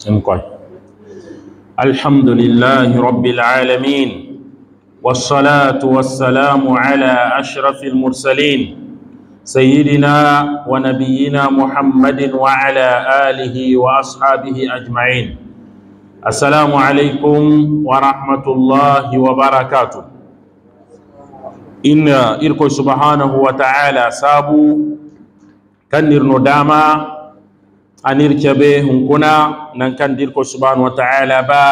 تنقل الحمد لله رب العالمين والصلاة والسلام على أشرف المرسلين سيدنا ونبينا محمد وعلى آله وأصحابه أجمعين السلام عليكم ورحمة الله وبركاته إن إلكو سبحانه وتعالى سابو كنر نداما anirkebe hunkuna nan kan dirko subhanahu wata'ala ba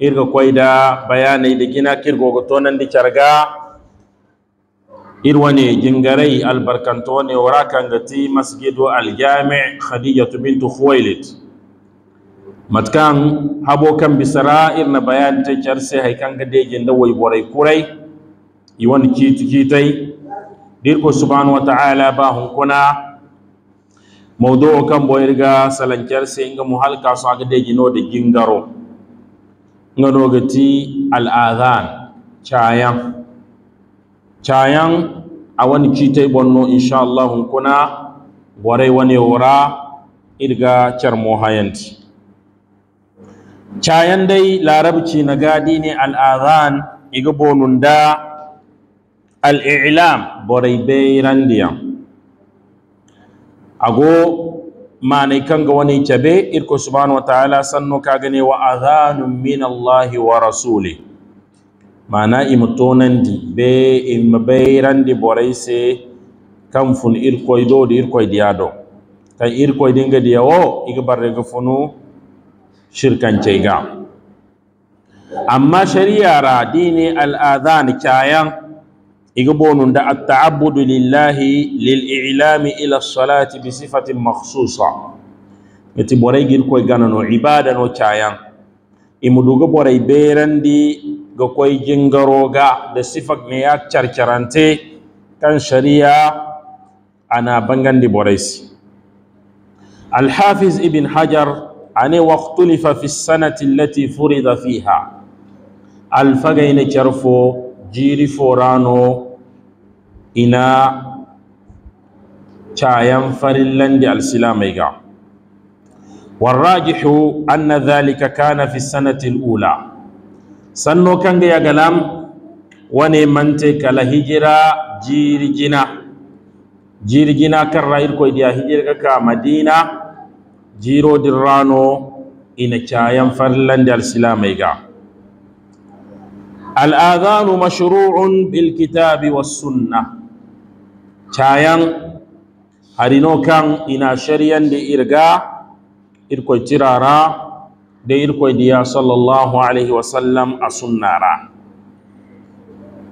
irga kwaida, bayanai da gina kirgo to nan di carga irwane gingarai albarkanto ne warakan gati masjidu aljami tu bintu khuwailit matkan habo kan bisara irna bayan ta carse haikan gade ginda wai borai kurai iwan kitai dirko subhanahu wata'ala ba hunkuna Maudu kan boyirga salankerse nga muhalka su aka de gino da gingaro nga dogati al'adhan cayan. Cayan a wani citai bonno insha Allah kuna warai wani wura irga charmo hayanti Cayan dai larabci na gadi ne al'adhan iga bonunda al'ilam borai bai ago manai kanga wani cabe irko subhanahu wa ta'ala sannu ka gane wa adhanun min Allah wa rasuli mana imtonan di be imbairan di borai se kan fun irko ido di irko diado kan irko dinga diawo iga barre ga funu shirkan cega amma shari'a ra dini al adhan kayan يقولون ان التعبد لله للإعلام إلى الصلاة بصفة مخصوصة متي بوري جيل كوي غانانو عبادة نو چايان إمدوغ بوري بيراندي دي كوي جنگروغا دي صفة نياك چرچرانتي كان شريعة أنا بانغاندي بوريس الحافظ ابن حجر عنه واختلف في السنة التي فرض فيها الفغين چرفو جيري فورانو ina cayan farillan da alsilamai ga warrajihu anna dhalika kana fi sanati alula sanno kanga ya galam wane mante kala hijira jirgina jirgina karra irko dia hijira ka madina jiro dirrano ina cayan farillan da alsilamai ga الآذان مشروع بالكتاب والسنة cayan harino kan ina shariyan da irga irkwai tirara da irkoi diya sallallahu alaihi wasallam a sunnara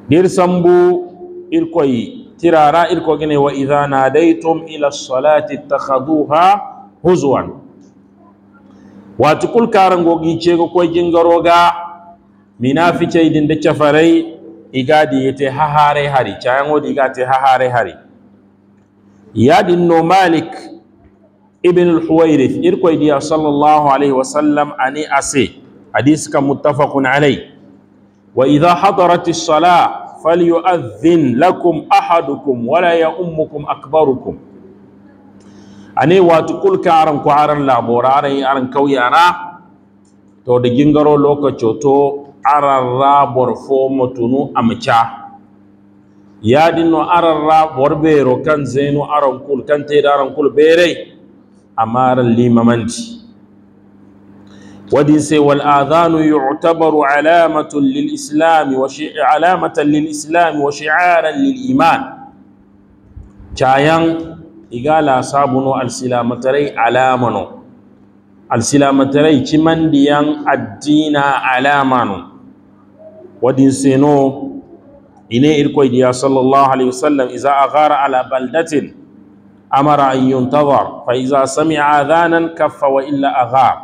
dir sambu irkwai tirara irkwai gine wa idha daitum ila salati ittakhaduha huzwan wati ce karango gi cego koy fi ce idin da cafarai igadi yete hahare hari cayan cayangodi igate hahare hari yadinno malik ibn al-huwairith irkoy diya sallallahu alayhi wa sallam ani ase hadis kam muttafaqun alay wa idha hadarat as-salah falyu'adhdhin lakum ahadukum wa la ya'ummukum akbarukum ane watu kul karan ko aran labora aran aran kawyara to da jingaro lokaco to aran rabor fo mutunu amca yaɗinno ararra worɓeero kan zeno arankul kan teeɗo arankul berai a marar limamanti wadin sey wal adanu yutabaru alamatun lilislami alamatan lilislami wa shiaran liliman cayan igala sabuno alsilamatarai alamano alsilamatarai cimandiyan addina alamano wadin seno إني إركوي يا صلى الله عليه وسلم إذا أغار على بلدة أمر أن ينتظر فإذا سمع آذانا كف وإلا أغار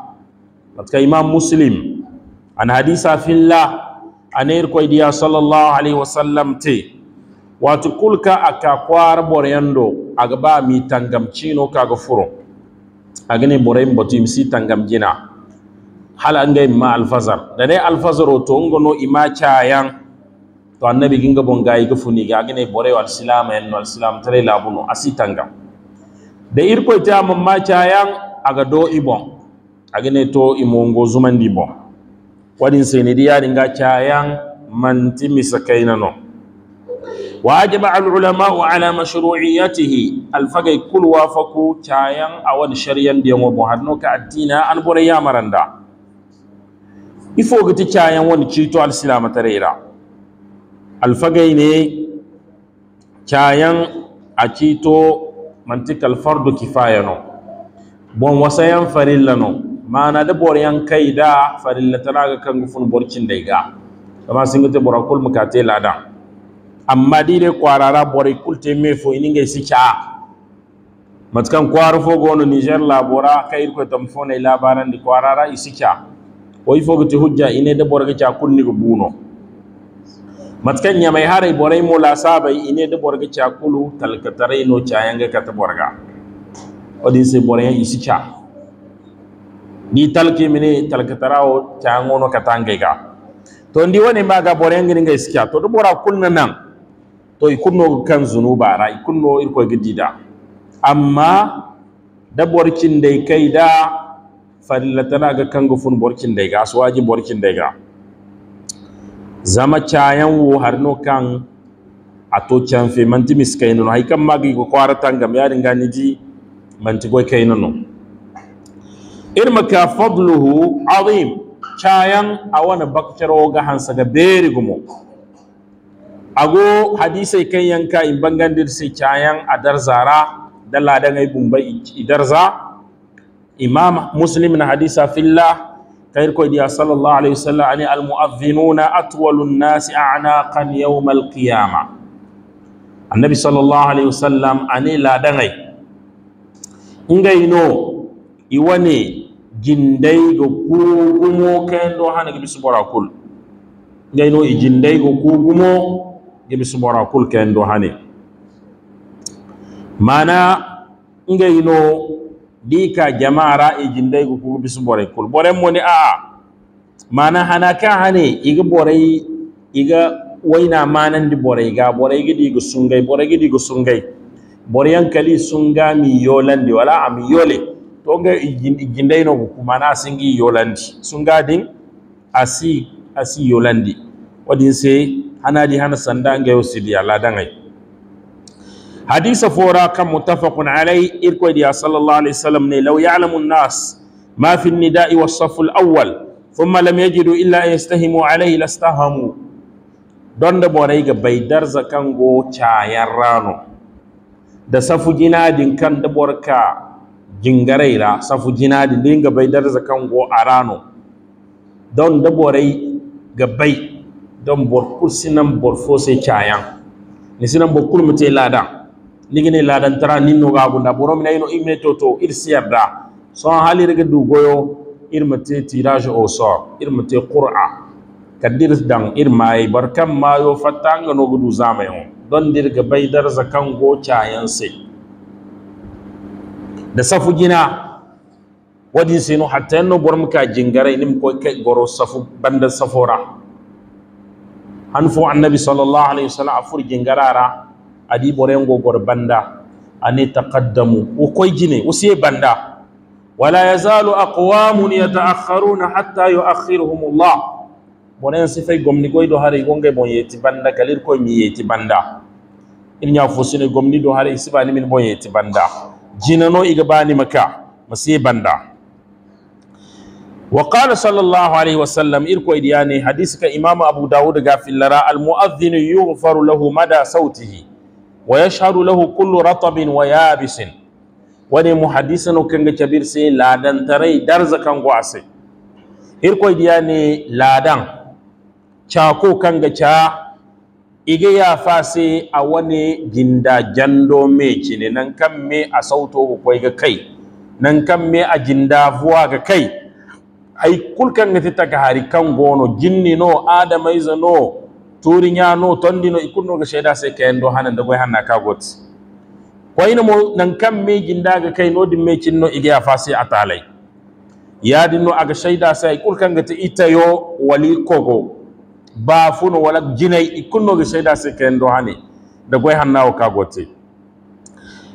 لذلك إمام مسلم عن حديث في الله أن إركوي يا صلى الله عليه te. Watu kulka akakwar borendo agaba mi tangamcino kaga furo agane boren batu tangamjina hala ngai ma alfazar da dai alfazar to ngono ima chayan to annabi ginga bon gayi ga funi ga gane bore wal silam en wal silam tare labunu asitanga da irko ta mamma cayan a aga do ibon aga ne to imongo zuman di bon wadin sai ne diya ringa ta yan man timisa kaina no wajiba al ulama wa ala ya al fagay kul wa faku cayan a wani shariyan di mo ka addina an bore ya maranda ifo gati ta wani cito al silam tare alfagai ne cayan a cito mantika alfardu kifaya no bon wasayan farilla no mana da boryan kai da farilla tana ga kan gufun borcin da ga kama sun gute borakul mukate lada amma di ne kwarara borai kulte me fo ininga sicha matkan kwaru fo gono niger labora kai ko tamfone labaran di kwarara isicha wai fo gute hujja ine da borga cha kunni go buno matkan ya mai harai borai mola sabai ine da borga cakulu talkatarai no cayanga kata borga odin sai borai yan isi ca ni talke mine talkatarawo cayango no kata ga to ndi wani ma ga borai ngin ga isi to do bora kunna nan to ikunno kan zunuba ra ikunno irko gidida amma da borkin dai kai da farilatana ga kan gufun borkin dai ga su waji borkin dai ga zama cayan wo no kan can fe manti miskainono hay kan magi ko kwaratangam yaringa ji manti kai kainono irma ka fadluhu azim cayan a wani awana hansa ga beri gumo ago hadisai kan yanka in bangandir sai cayan a dar zara dalla ngai bumbai idarza imam muslim na hadisa fillah kayir koy diya sallallahu alayhi wa sallam ani almuadhinuna atwalu nnasi anaqan yawma alqiyama annabi sallallahu alayhi wa sallam ani ladanŋay ngayno iwane jindai jindaygo kuugumo kendo hana gibi subora kul ngayno i jindaygo kuugumo gibi subora kul kendo hane mana ngayno dika jama'ara e jindai ku kugu bisu bore kul bore ne a mana hana ka hane iga bore iga waina manan di bore ga bore gidi di sungai bore gidi di sungai bore yan kali sunga mi yolandi wala am yole to ga jindai no ku mana singi yolandi sunga din asi asi yolandi wadin sai hana di hana sanda ga yosidi ala dangai hadisa fora kan mutafakun alai irko diya sallallahu alaihi wasallam ne law ya'lamu an-nas ma fi an-nida'i was-saffu al-awwal thumma lam yajidu illa an yastahimu alaihi lastahamu don da bore ga bai darza kan go cayan rano da safu jinadin kan da borka jingareira safu jinadin dinga bai darza kan go a rano don da bore ga bai don bor kursinan bor fose chayan ni sinan bor kulmute ladan nin no ga bunda gagunda boromina ino imme toto ir siyarda son halirge dugoyo irmate tirage au sort mate qur'a kadir dan irmaye barkan mayo fattanga no gudu zamayo don ga baydar zakan go chayan se da safu gina wadin sinu hatta no ka jingarai nim ko ke goro safu banda safora hanfu annabi sallallahu alaihi wasallam afur jingarara adi borengo gor banda ani taqaddamu o koy jine o siye banda wala yazalu aqwamun yataakharuna hatta yuakhiruhum allah bonen si fay gomni goy do hare gonge bon yeti banda kalir koy mi yeti banda il nya fosine gomni do hare sibani min bon yeti banda jinano iga bani maka masiye banda وقال صلى الله عليه وسلم إركو إدياني حديثك إمام أبو داود غافل لرا المؤذن يغفر له مدى صوته wa yashhadu lahu kullu ratabin wa bisin wani muhaddisano kanga cabir sai ladan tarai darza gwasi ase irkoy ne ladan cako kanga ca ige ya fase a wani ginda jando me ne nan kan me a sauto kwai ga kai nan kan me a ginda vuwa ga kai ai kulkan ne ta ga hari kan gono jinni no adamai zano turi ñano tondino e ga seeda se kayen hanan da goy hanna ka got koyno mo nan kam me jindaga kay no dimme cinno igi fa se a talay yadinno aga seyda sa e ɓurkanga ita ittayo wali kogo Ba funo wala jinay e kunnoga seyda se hanne da goy hanna wa ka got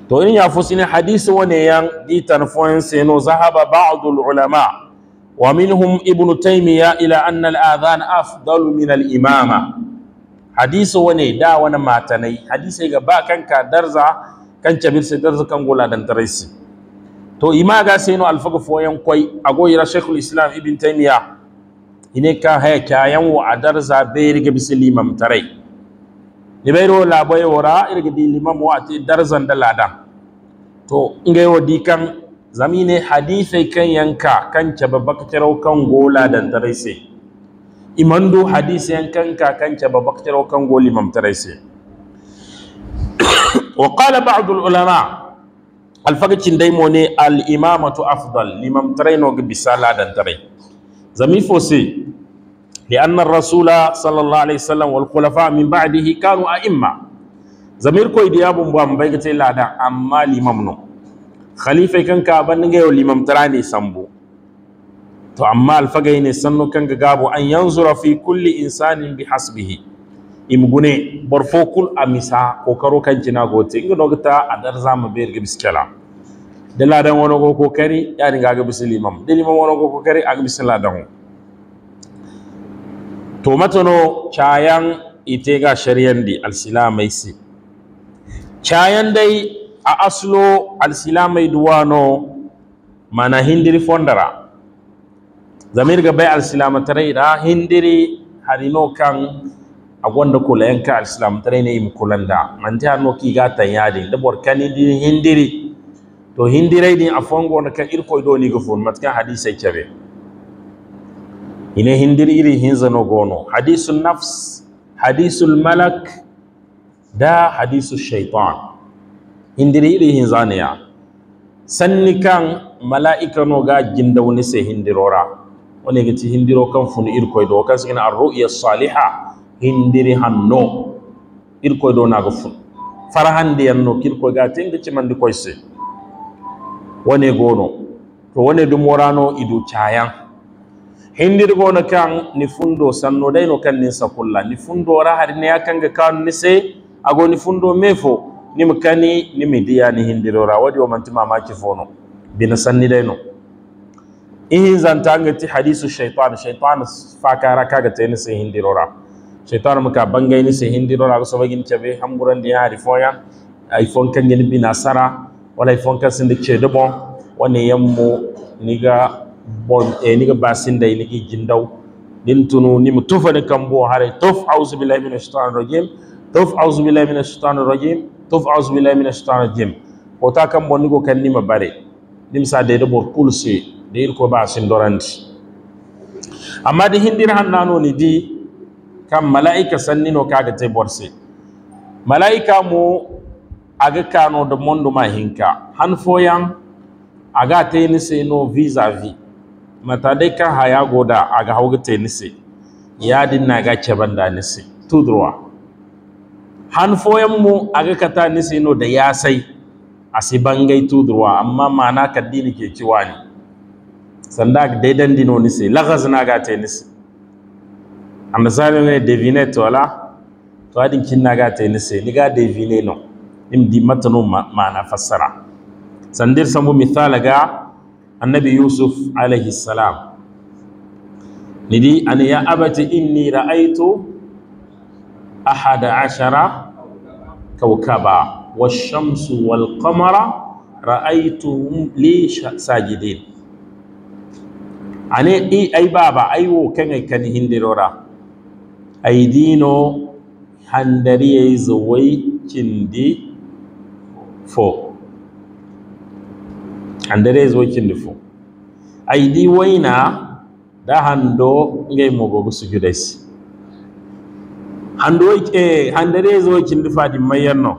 to in ya fusini hadisi wane yan ditan foyin no zahaba ba'dul ulama wa minhum ibnu taymiya ila anna al-adhan afdalu min al-imama hadiso wane da wani matanai hadise ga ba kanka darza kan cabir sai darza kan gola dan taraisi to ima ga sai no alfaga foyan koi agoyira shaykhul islam ibn taymiya ine ka haya kayan wa adarza riga bisa bislimam tarai ni ro la wara irga di limam wa ati darzan da ladan to ingayo di kan zamine hadisai kan yanka kan cababaka tarau kan gola dan taraisi Imandu, do hadisi yan kan kakan ke babak tara kan goli mam tara se ulama al fakin dai mo ne Alimamatu afdal limam tara no gi bisala dan tara zami fo se li anna ar rasula sallallahu alaihi wasallam wal khulafa min ba'dihi a'imma zamir ko idiya bum bam bai amma limam no khalifa kanka ka ban ga yo limam ne sambo to amma ne sannu kan ga gabu, an yanzu rafi kulli insanin hasbihi imgune bor fo kul a misa kokaro kancina gote inga nogata a dar zama ber ga biskela de ladan wono go kokari ni ga ga bislimam da limam wono ko kokari aga bisla dan to matono chayan ite ga di alsilamai si chayan dai a aslo alsilamai duwano mana hindiri fondara Zamir ga bai alsilamatarai da hindiri harino kan gwanda kula yanka alsilamatarai ne im kulanda manti hannu ki gata yadin da borkani din hindiri to hindirai din fangon na kan irko do ni fun matakan hadisai kyabe ine hindiri iri hin zano gono hadisun nafs hadisul malak da hadisul shaitan hindiri iri hin sanni kan mala'ika no ga ginda sai hindirora Wani ga ti hindiro kan funu irkoydo kan sigina arru'ya saliha hindiri hanno irkoydo ga fun fara hande yanno kirkoi ga tenga cimandi koyse wani gono to wani dum worano idu cayan hindiri gono kan ni fundo sanno daino kan nin sakulla ni fundo ra hari ne ya kan ni se ago ni fundo mefo ni mukani ni midiya ni hindirora wadi wa mantima maki fono bina sanni daino. ihin zanta nga ti hadisu shaitan shaitan fakara kaga ta ni sai hindirora shaitan muka bangai ni sai hindirora ga bagin cebe hamburan da ya harifo ya iphone kan gani bi nasara wala iphone kan sun da ce dubo wani yammo ni ga bon eh ni ga basin da ni ga jindau din tunu ni mutufa da kan bo hare tuf auzu billahi minash shaitanir rajim tuf auzu billahi minash shaitanir rajim tuf auzu billahi minash shaitanir rajim ko ta kan bon ni go kan ni mabare nim sa de da bor pulse da irko ba sun doranti amma da hindir hannano ne di kan mala'ika sannino kaga te borse mala'ika mu a ga kano da mondo ma hinka a ga ta te yi no visa vi mata dai kan haya goda a ga hauga ta ni ya yadin na ga ce da nise Tudurwa, hanfoyan mu a mu kata nise no da ya sai, a si bangai tudurwa, amma mana kaddini ke ciwa ne sandak dedan dino nisi lagas na te nisi a misali ne devine to ala to adin kin naga te nisi ga devine no in di matano ma'ana fassara sandir samu mithala ga annabi yusuf alaihi salam di an ya abati inni ra'aitu ahada ashara kawkaba qamara ra'aitu رأيتهم لي ساجدين ane i ay baba ai wo kenge kani hindirora ai dino ai zoi cindi fo ai zoi cindi fo ai di waina da hando ngai mo gogo sujudais hando e zoi zawai fa di mayanno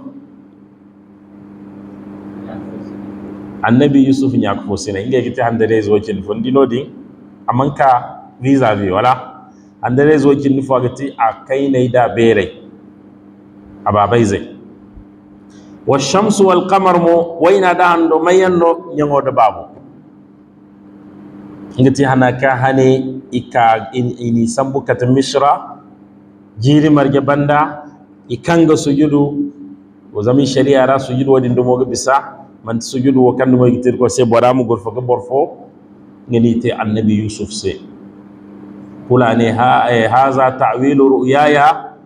annabi yusuf ñako fo sine ngai kiti ai zoi cindi fo ndino ding amanka visa à vis wala andere zo kin nufa gati a kai ne da bere a babai zai wa shamsu wal qamar mo waina da mai mayanno nyango da babu ngati hanaka hane ika in ini sambu kat mishra jiri marge banda ikanga sujudu o zami sharia ra sujudu wadin do mo bisa man sujudu wakan mo gitir ko se boramu gorfo ko borfo ngelite annabi yusuf se kulane haza ta'wilu ru'yaya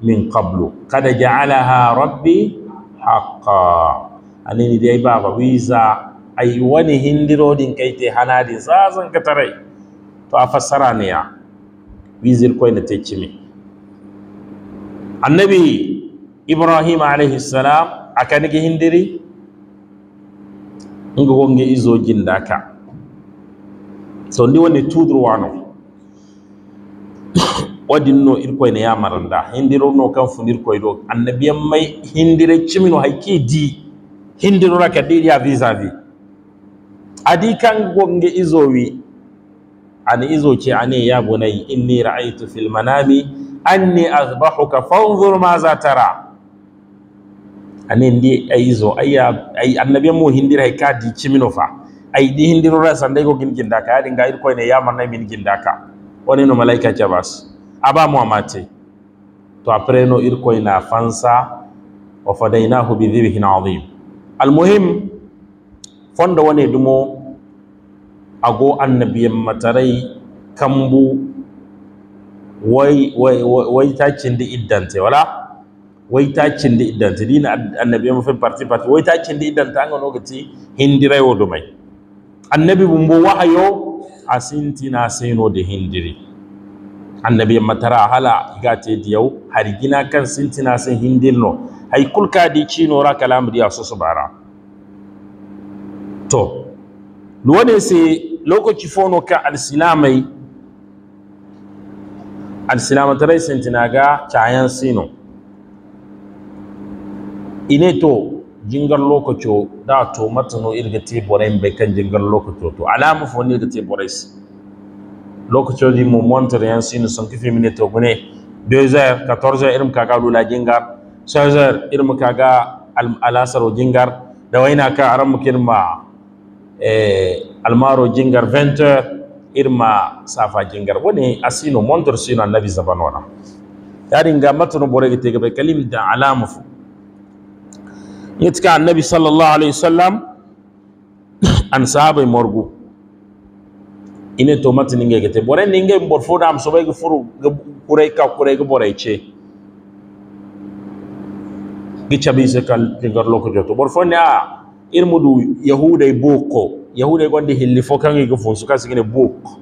min qablu qad ja'alaha rabbi haqqan anini dai baba wiza ai wani hindirodin kaite hanadi zazan katarai to a fassara ne ya wizir koy na tecimi annabi ibrahim alayhi salam akanigi hindiri ngo ngi izo jindaka so ndi woni tudrowano waɗinno irkoyne yamaranda no kan fondirkoye do annabi may hindire cimino hay ke di hindirora ka ɗiɗi a vis à vis adi kango nge izowi ani izo ce ane ya bunayi inni ra'aytu fil manami anni azbahuka fanzur ma za tara ani ndi ayizo ayya ay annabi mo hindira hay ka di cimino fa aidihim dirura sandai ko gin gindaka yadin ga ko ne ya mana min daka wani no malaika ke bas aba mu amate to apre no ko na fansa wa fadainahu bi dhibhin azim almuhim fonda wane dumo ago annabiyan matarai kambu wai wai wai tacin da iddante wala wai ta cindi iddanta dina annabi mu fin parti parti wai ta cindi iddanta an gano gati hindirai wa mai annabi bumbo wahayo na sino da hindiri annabi matara hala igate diyau gina kan sintina sen hindirno hay kulka di cinora kalam diya bara. to luwane se lokaci fono ka alsilamai sinti na ga cayan sino ine to jingar lokaci da to matano irga te borai bai kan jingar lokaci to alama fo ni irga te borai si lokaci di mu montar yan sinu son kifi mine to gune 2h 14 irin kaga lula jingar 16 irin kaga alasaro jingar da waina ka aran mu kirma eh almaro jingar Venter irin irma safa jingar wani asino montor sino annabi zabanona yaringa matano borai te ga bai kalim da alamu ya cika annabi sallallahu alaihi wasallam an sahabai morgu ine to mati ninge gete bore ninge bor fu dam so bayge furu kurai ka kurai ge bore che gi chabi se kal pingar loko joto bor fo na irmudu yahuda e boko yahuda e gonde hilli fo kan ge funsu kasi gene boko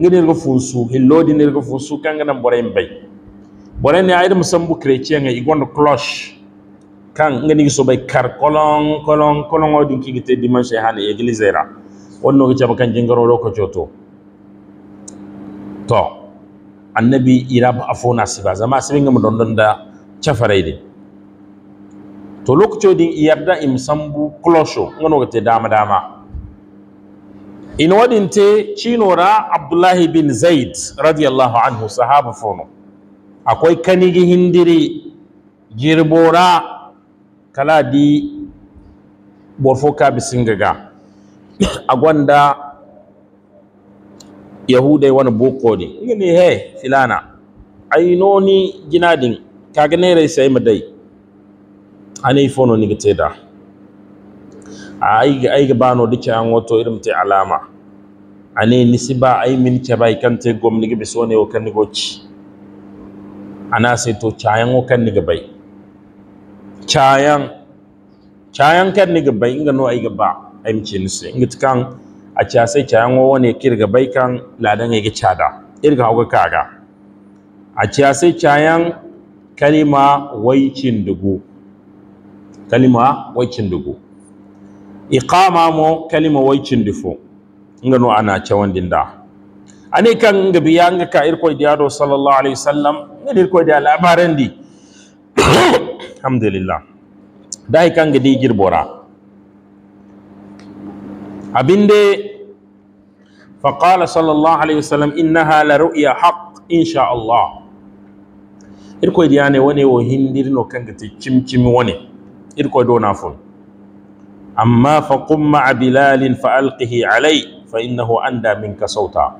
ngene ge funsu hillodi ne ge funsu kan ngana bore mbay bore ne ayde musambu chrétien ge gonde cloche kan ngani so bay kar kolon kolon kolon o din kigite dimanche hane église ra wonno ko jaba kan jengaro ro ko joto to annabi ira irab afona siba zama sibe ngam don don da chafarayde to lokco din iyarda im sambu clocho ngano ko te dama dama in wadin te cinora abdullahi bin zaid radiyallahu anhu sahaba fono akwai kanigi hindiri jirbora kala di borfoka a agwanda yahudai wani boko ne ne he filana ainoni jinadin kaga ne rai sai madai ani fono ni gite da ai ga ai ga bano dike an wato irin tai alama ane nisiba ai min ke bai kan tai gomni gibe so ne o kan ni goci ana sai to cayan o kan ni gibai chayan chayan kan ni gabbai inga no ai gabba ai mice ni sai inga tukan a cha sai chayan wo ne kir gabbai kan ladan ai ga chada irga hawa kaga a cha sai chayan kalima waicin dugu kalima waicin dugu iqama mo kalima waicin dufo inga no ana chawan dinda ane kan ga biya nga ka irko diado sallallahu alaihi wasallam ne irko diado labaran di alhamdulillah da ai kan gidi girbora abinde fa qala sallallahu alaihi wasallam innaha la ru'ya haqq insha Allah irko idi ane wone wo hindir no kan gati chimchim wone irko na fun amma fa qum bilalin fa alqihi alai fa innahu anda minka sawta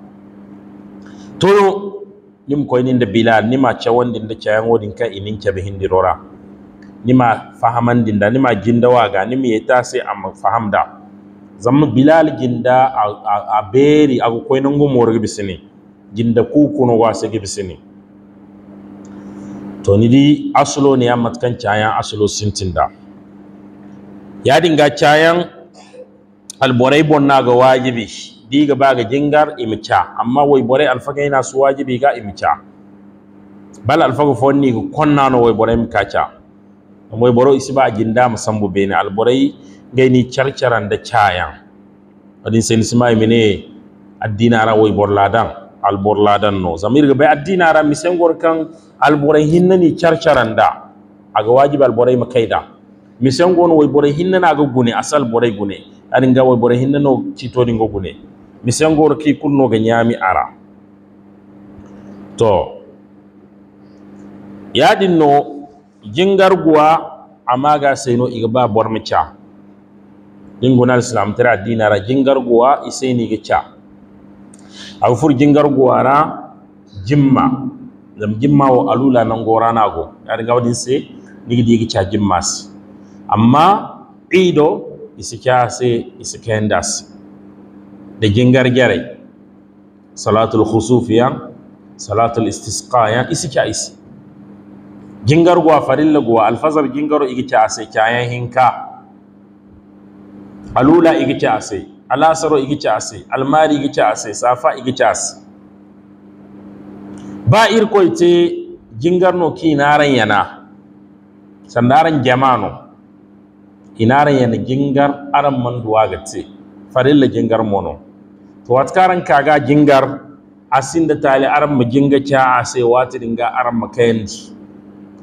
to nim koyin da bilal nima cha wonde da cha yan wodin ka inin cha be hindirora nima fahamandinda nima ginda waga nima yeta sai amma fahamda zama bilal ginda a beri aga koynango morga bisini ginda kukuno wasege bisini to ni di aslo ne ya matkan cayan aslo sintinda ya dinga cayan alborai bonna ga wajibi diga ba ga jingar imica amma wai borai alfaga yana su wajibi ga imica bal alfaga fonni ko konna no wai borai kacha moy boro isiba jinda sambu bene alboray charcharan da chaya adin sen sima mine addinara woy borladan alborladan no zamirga adina ra misen gor kan alboray charcharan da aga wajibi alborai makaida misen gon woy boray hinnana aga gune asal borai gune adin ga woy hinna no citoni go gune misen gor ki ga nyami ara to yaɗin no jingarguwa iga ba igba bormicha jingunal islam tara dinara jingarguwa iseni gicha awfur na jimma dam jimma wa alula nan gora na go yar gawdin se digi digi jimma su amma ido isikya se isikendas da jingar gare salatul khusufiya salatul istisqa ya isikya isi gingar gwa farin laguwa alfazar gingaro igice ase kyayen hinka alula igice ase alasaro igice ase almari igice ase safa igice ase ba irkoyte no ki inaran yana sandaran jamano inaran yana gingar aran manduwa farin la gingar mono to watkaran kaga gingar asinda tali aran mu ginga ca ase ga aran makayanji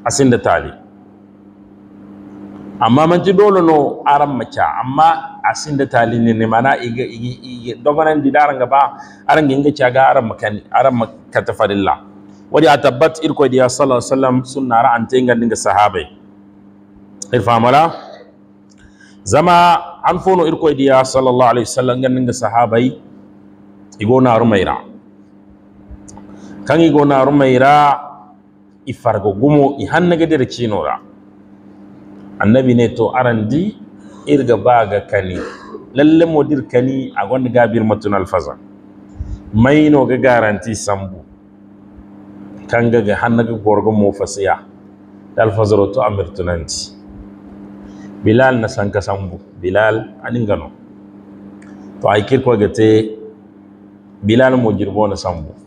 da tali amma man ci dole no aran maca amma da tali ne ne mana iga iga iga dogaran di daran gaba aran ginga ga aran makani aran makata farilla wadi atabbat irko diya sallallahu alaihi wasallam sunna ra an tenga dinga sahabai irfamala zama an fono irko diya sallallahu alaihi wasallam ganin ga sahabai igona rumaira kan igona rumaira ifargo gumo i hannagadira chinora annabi ne to arandi irga baga kani lalle modir kani a gonda gabir matun alfaza maino ga garanti sambu kanga ga hannage gorgo mo fasiya alfazaro to amirtunanti bilal na sanka sambu bilal aningano to ay kirko gate bilal mo jirbo na sambu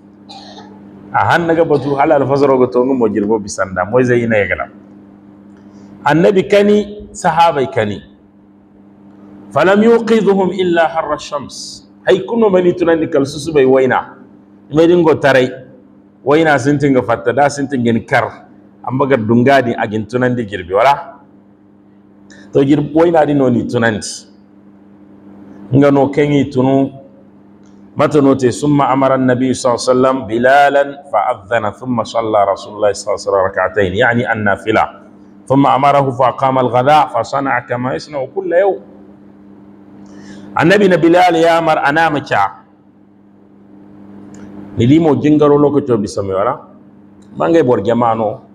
A ahannaga batu hala alfazorogo mo mojirbo bisanda moyze ina yegala annabi kani sahabai kani falam yuqidhum illa harra shams hay kunno mani tunani su bai waina dingo tarai waina sintinga fatta da sintingin kar amma ga dungadi agin da girbi wala to girbi waina di noni tunan nga no kengi tunu matanote sun ma'amaran nabi sallallahu bilalan fa azzana thumma salla rasulullahi sallallahu alaihi rak'atayn ya'ni annafila thumma amarahu fa qama al-ghada fa sana'a kama yasna kull yaw annabi na bilal ya mar ana mata nilimo jingaro lokoto bi samiwara mangay bor jamano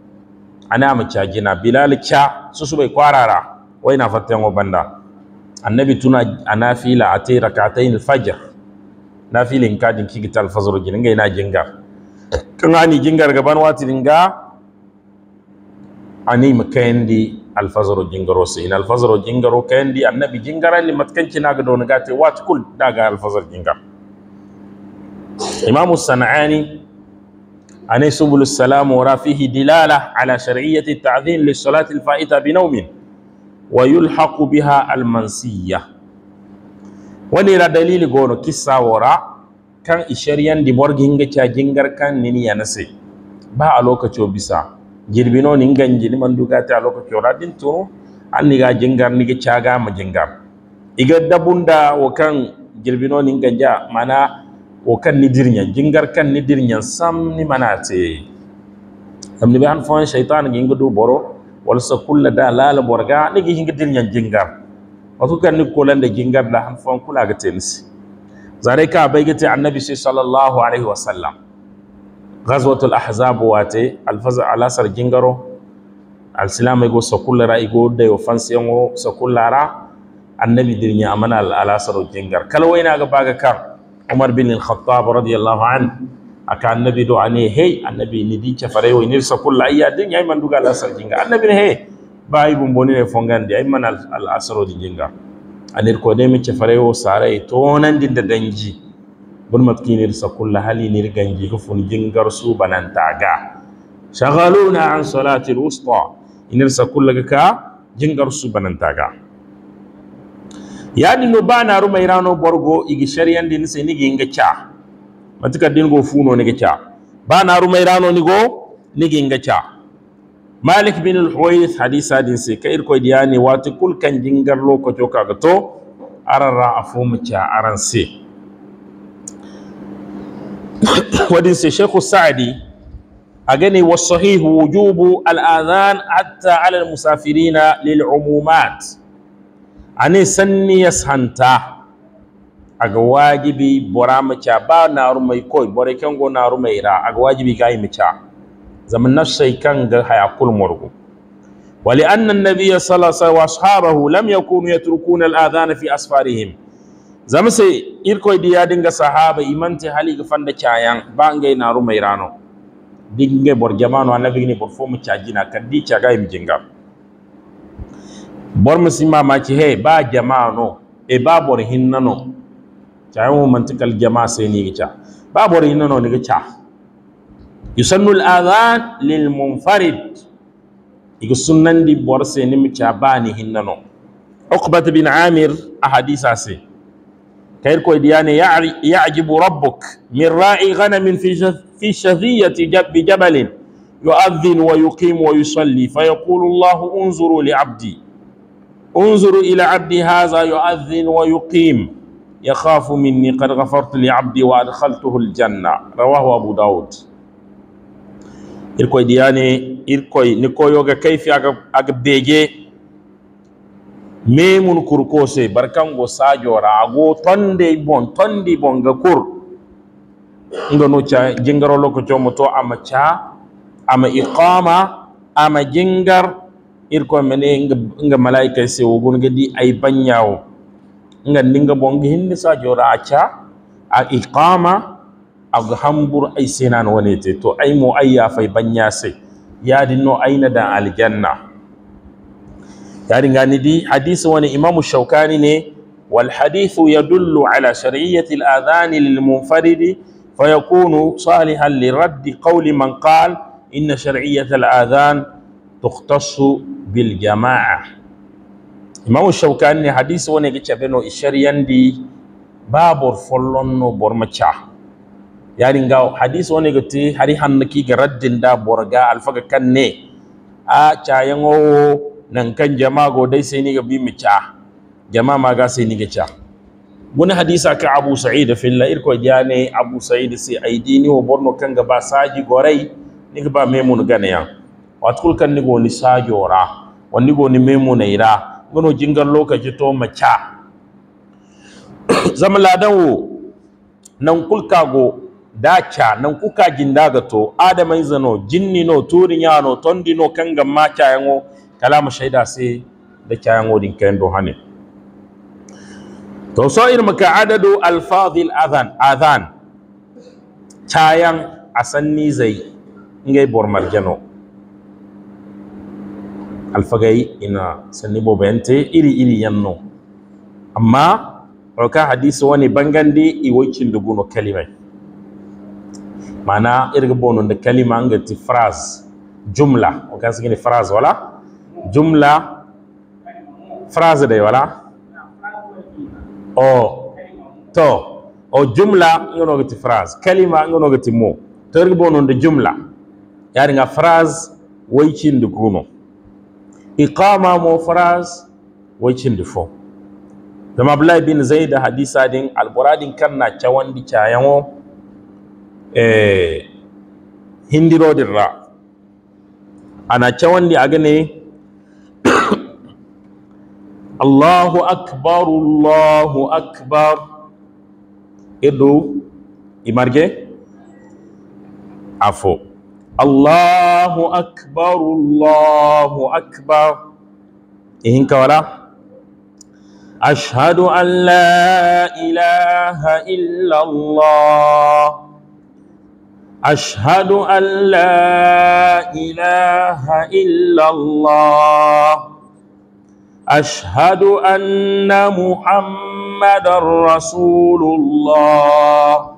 ana mata jina bilal cha susu bai kwarara waina fatengo banda annabi tuna anafila atay rak'atayn al-fajr na filin kadin ki tal fasoro gina ngay na jingar kan ani jingar ga ban wati dinga ani makandi alfazaro jingaro sai in alfazaro jingaro kandi annabi jingara ni matkanci na ga don ga te wat kul daga alfazar jingar imam sanani ani subul salam wa rafihi dilala ala shar'iyyati ta'dhin li salati al-fa'ita bi nawmin ويلحق بها المنسيه Wani wanera dalili gono kissa wora kan ishariyan di bor ginga cha gingar kan nini yanase ba a lokacin bisa jirbino nin ganji ni man duga ta lokaco radin to an ni ga jingar ni ga cha ga ma jingar iga dabunda wo kan jirbino nin ganja mana wo kan ni dirnyan jingar kan ni dirnyan sam ni mana ce. amni be an fon shaytan ginga du boro wal sa kulla da lala borga ni gi hinga dirnyan jingar kan ni kolan da gingar da hanfan kula ga tenis zare ka bai gite annabi sai sallallahu alaihi wa sallam. ghazwatul ahzab wate alfaza sar gingaro alsilama go sakullara igo da yo fansi yango sakullara annabi dirnya amana alasar gingar na ga baga kan umar bin al-khattab radiyallahu an aka annabi do ane hey annabi ni di cafare wo ni sakulla ayya din yayi manduga alasar gingar annabi ne hey bai bombonire fongandi ay man al asarodi jinga anir ko de mi cefare o sare tonandi da danji bun matkinir sakulla hali nir ganji ko fun jingar su banan banantaga shagaluna an salati alwusta inir sakulla ka jingar su banan banantaga yadi no na ruma irano borgo igi shariyandi ni sai nigi inga cha matika go funo nigi cha na ruma irano nigo ni inga cha malik bin al-huwais hadisa din sai kai ko diya ne wato kul kan jingar ka kaga to arara afu mu cha aran sai wadin sai shekhu sa'adi a gane wa sahihu wujubu al-adhan hatta ala al-musafirina lil umumat ani sanni yashanta aga wajibi bora mu ba na rumai koi bore kengo na rumai ra aga wajibi ga yi mu cha zaman na kan ga hayakul murgu wali annan na sallallahu salasa wa ashabahu lam yakunu yatrukuna al-adhan fi asfarihim zama sai irkoi diya dinga sahaba imante hali ga fanda kayan. bangai na rumai rano dinga bor jamanu annabi ne bor fomu cajina kaddi caga im jinga bor musima ma ci he ba jamanu e ba bor hinnano cayan mu mantikal jama sai ni gica ba bor hinnano ni gica يسن الأذان للمنفرد سنن دي بورسي تشاباني هنن عقبة بن عامر أحاديث أسي كير كوي دياني يعجب ربك من راعي غنم في في شذية بجبل يؤذن ويقيم ويصلي فيقول الله انظروا لعبدي انظروا إلى عبدي هذا يؤذن ويقيم يخاف مني قد غفرت لعبدي وأدخلته الجنة رواه أبو داود irkoy diyani irkoy ni koyoga kayfi aga aga bege memun kurkose barkango sajora ago tonde bon tondi bon ga kur ngono cha jingaro lokoco moto ama cha ama iqama ama jingar irkoy mene nga malaika se wogon gadi ay banyawo nga ninga bon hinni sajora acha a iqama aga hambur ay senan wanete to ay mo ay ya fay banyase yadi no ayna da aljanna yadi ngani di hadith wani imamu shaukani ne wal hadithu yadullu ala shar'iyyati al adhan lil munfaridi fayakunu salihan li raddi qawli man qala inna shar'iyyata al adhan tukhtassu bil jama'ah imamu shaukani ne hadisi wani gice beno ishariyandi yarin gawo hadis woni gati hari hannaki ga raddin da borga alfaga kan ne a cayan owo nan kan jama'a go dai sai ni ga bi mi ca jama'a ma ga sai ni ga ca wani hadisa ka abu sa'id filla irko jane abu sa'id sai ni wo borno kan ga ba saji gorai ni ga ba memun gane ya watkul kan ni go ni sajora wani go ni memuna ira gono jingal lokaci to maca zama ladan wo nan kulka go dacha nan kuka ga to adama izano jinni no ya no tondi no kanga ma cayango Kalamu shaida sai da cayango din kan do hane to so irin maka adadu alfadhil adhan adhan cayan asanni zai ngai bor marjano alfagai ina sanni bente iri iri yanno amma oka hadisi wani bangande iwacin duguno kalimai mana irga bononde kalima ngati phrase jumla o kan sigini phrase wala jumla phrase day wala o to o jumla ngonogati phrase kalima ngonogati mo to irga bononde jumla yari nga phrase waycinde kuno iqama mo phrase waycinde fo dama abdoulahi bin zayd hadisa din alboradin kanna cawandi cayango Eh, Ana hindirodirra anacha wandi agane allahu akbar allahu akbar edo imarge afo allahu akbar allahu akbar ihin kawala Ashadu an la ilaha illallah. أشهد أن لا إله إلا الله أشهد أن محمد رسول الله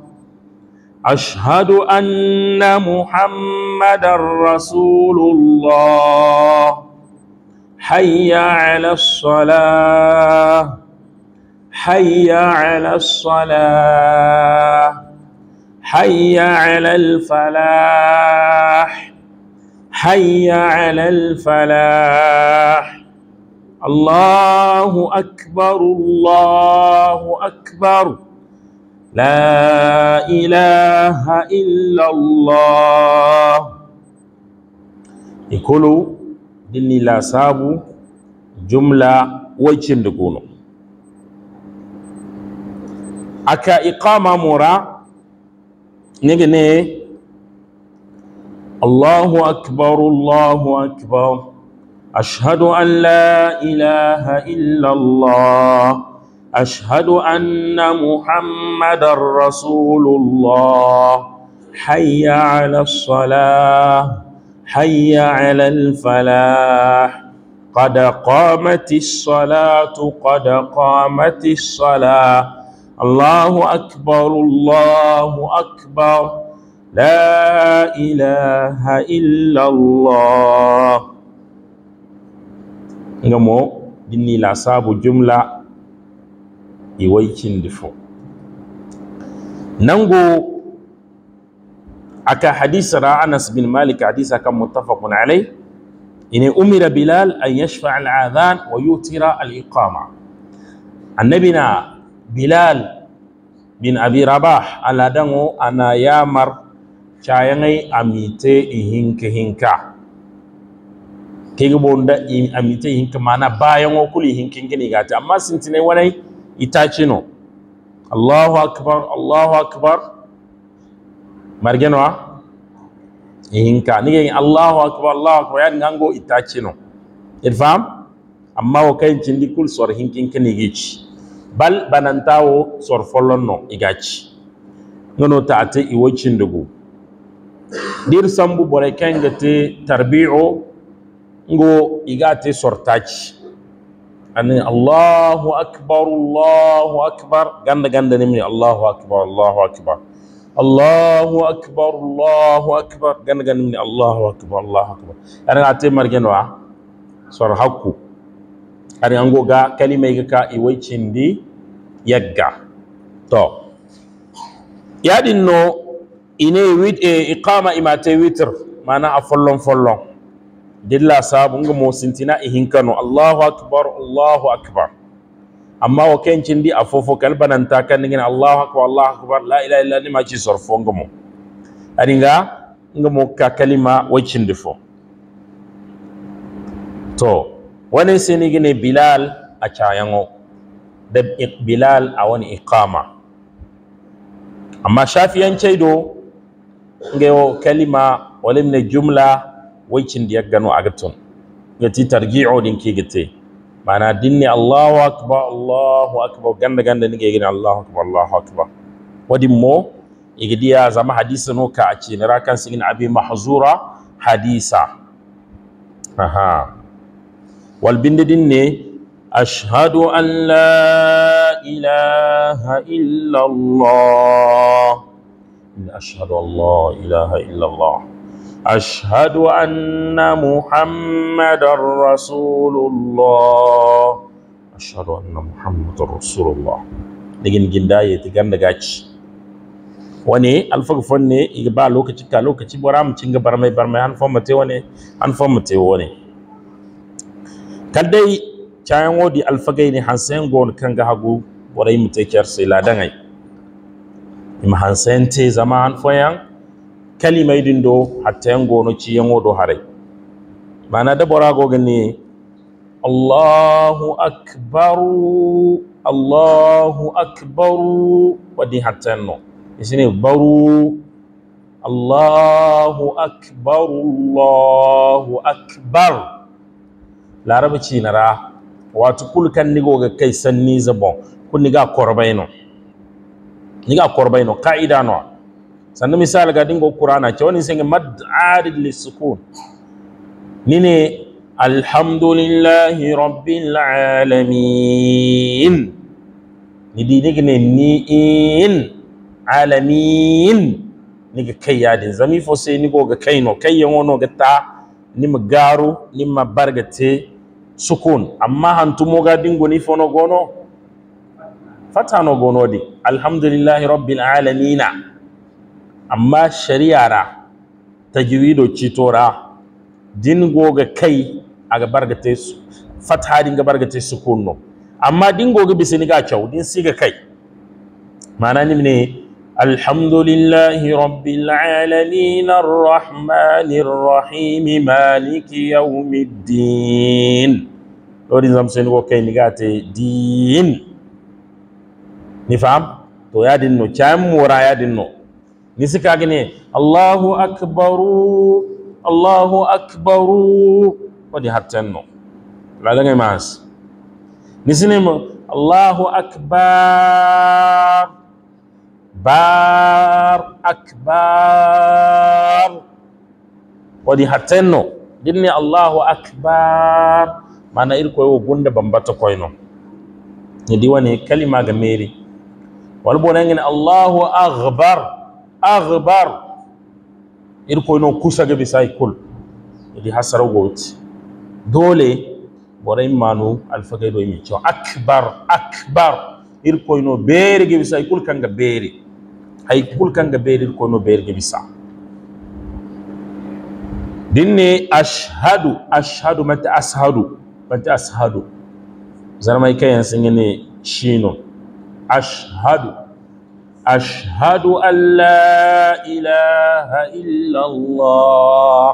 أشهد أن محمد رسول الله حي على الصلاة حي على الصلاة حي على الفلاح حي على الفلاح الله أكبر الله أكبر لا إله إلا الله يقولوا إني لا sabu جملة wacin أكا إقامة aka نجني الله أكبر الله أكبر أشهد أن لا إله إلا الله أشهد أن محمد رسول الله حي على الصلاة حي على الفلاح قد قامت الصلاة قد قامت الصلاة الله أكبر الله أكبر لا إله إلا الله ngamo dinni la sabu jumla i waikin difo nango aka hadisa ra anas bin malik hadisa kan muttafaqun alai ine umira bilal an yashfa al adhan wa yutira al iqama annabi na bilal bin abi rabah aladango ana yamar cayangai amite ihinka hinka kege bonda amite ihinka, mana bayango kuli hinkin ni gata amma sintine wanai no." allahu akbar allahu akbar margenwa ihinka nige allahu akbar allahu akbar yani ngango itacino no." fam amma wakayin kayin cindi kul sor hinkin kini gici bal banantawo igachi nono ta ate iwo cindugu dir sambu bore kenga te tarbi'o ngo igate sortachi ani allahu akbar allahu akbar ganda ganda nimni allahu akbar allahu akbar allahu akbar allahu akbar ganda ganda nimni allahu akbar allahu akbar ana ate margenwa sor hakku ari ango ga kalima ka iwai cindi yagga to yadin no ine wit e iqama imate witr mana a follon follon dilla sabu nga mo sintina e hinkano allahu akbar allahu akbar amma wo ken cindi a fofo kal bananta kan ngina allahu akbar allahu akbar la ilaha illa ni ma ci sorfo nga mo ari nga nga mo ka kalima wai cindi fo to wani sini gini bilal a cayango da bilal a wani ikama amma shafiyan caido ngewo kalima walim ne jumla waicin da ya gano a gatun ya ti targi'o din ki gite mana dinni allahu akbar allahu akbar ganda ganda ni gina allahu akbar allahu akbar wadin mo igdiya zama hadisa no ka a ce ni rakan sigin abin mahzura hadisa aha والبنددني أشهد أن لا إله إلا الله أشهد الله إله إلا الله أشهد أن محمد رسول الله أشهد أن محمد رسول الله لكن جندا تجمع دقاتش وني ألف fonne iga ba lokaci ka lokaci برمي mu cinga وني barmai an fomate kadai cayan wodi alfagai ni hansen gon kan ga hagu warai mu tekiyar sai ladangai im hansen te zama foyan kalimai din do hatta yan gono ci yan wodo hare mana da bora go gani Allahu akbaru Allahu akbar wadi hatta no isini baru Allahu akbar Allahu akbar laraba cinara watu kul kan nigo ga kai ni zabon kun ni ga niga korbaino kaida no sannan misali ga dingo qur'ana ce wani sai mad arid Ni ne alhamdulillahi rabbil alamin ni di nigi ne ni in alamin nigi kai yadin zami fo sai nigo ga kai no kai yango ga ta ni magaru ni mabargate sukun amma hantumoga dingoni fono gono fatano di alhamdulillahi rabbil alamina amma shari'ara tajwido citora dingoga kai aga bargate fatha dinga sukun sukunno amma dingoga bisini ga caw din siga kai mana ne الحمد لله رب العالمين الرحمن الرحيم مالك يوم الدين ɗoɗi nzam sen wo kayni ga te din ni fam to yadin no cham wora ya din no ni allahu akbaru allahu akbaru woni la laɗaga mas ni mo allahu akbar bar akbar woni din ni allahu akbar mana irkoyo gunda bambata koyno yedi wani kalima ga meri wal bonangin allahu aghbar aghbar kusa kusaga bisay kul yedi hasaro gowti dole boray manu alfagay do mi cewa akbar akbar irkoyno beri ge bisay kul kanga beri hay kul kanga beri irkoyno beri ge bisay dinne ashadu ashadu mata ashadu قد أشهد زلمة كان سنجني شينو أشهد أشهد أن لا إله إلا الله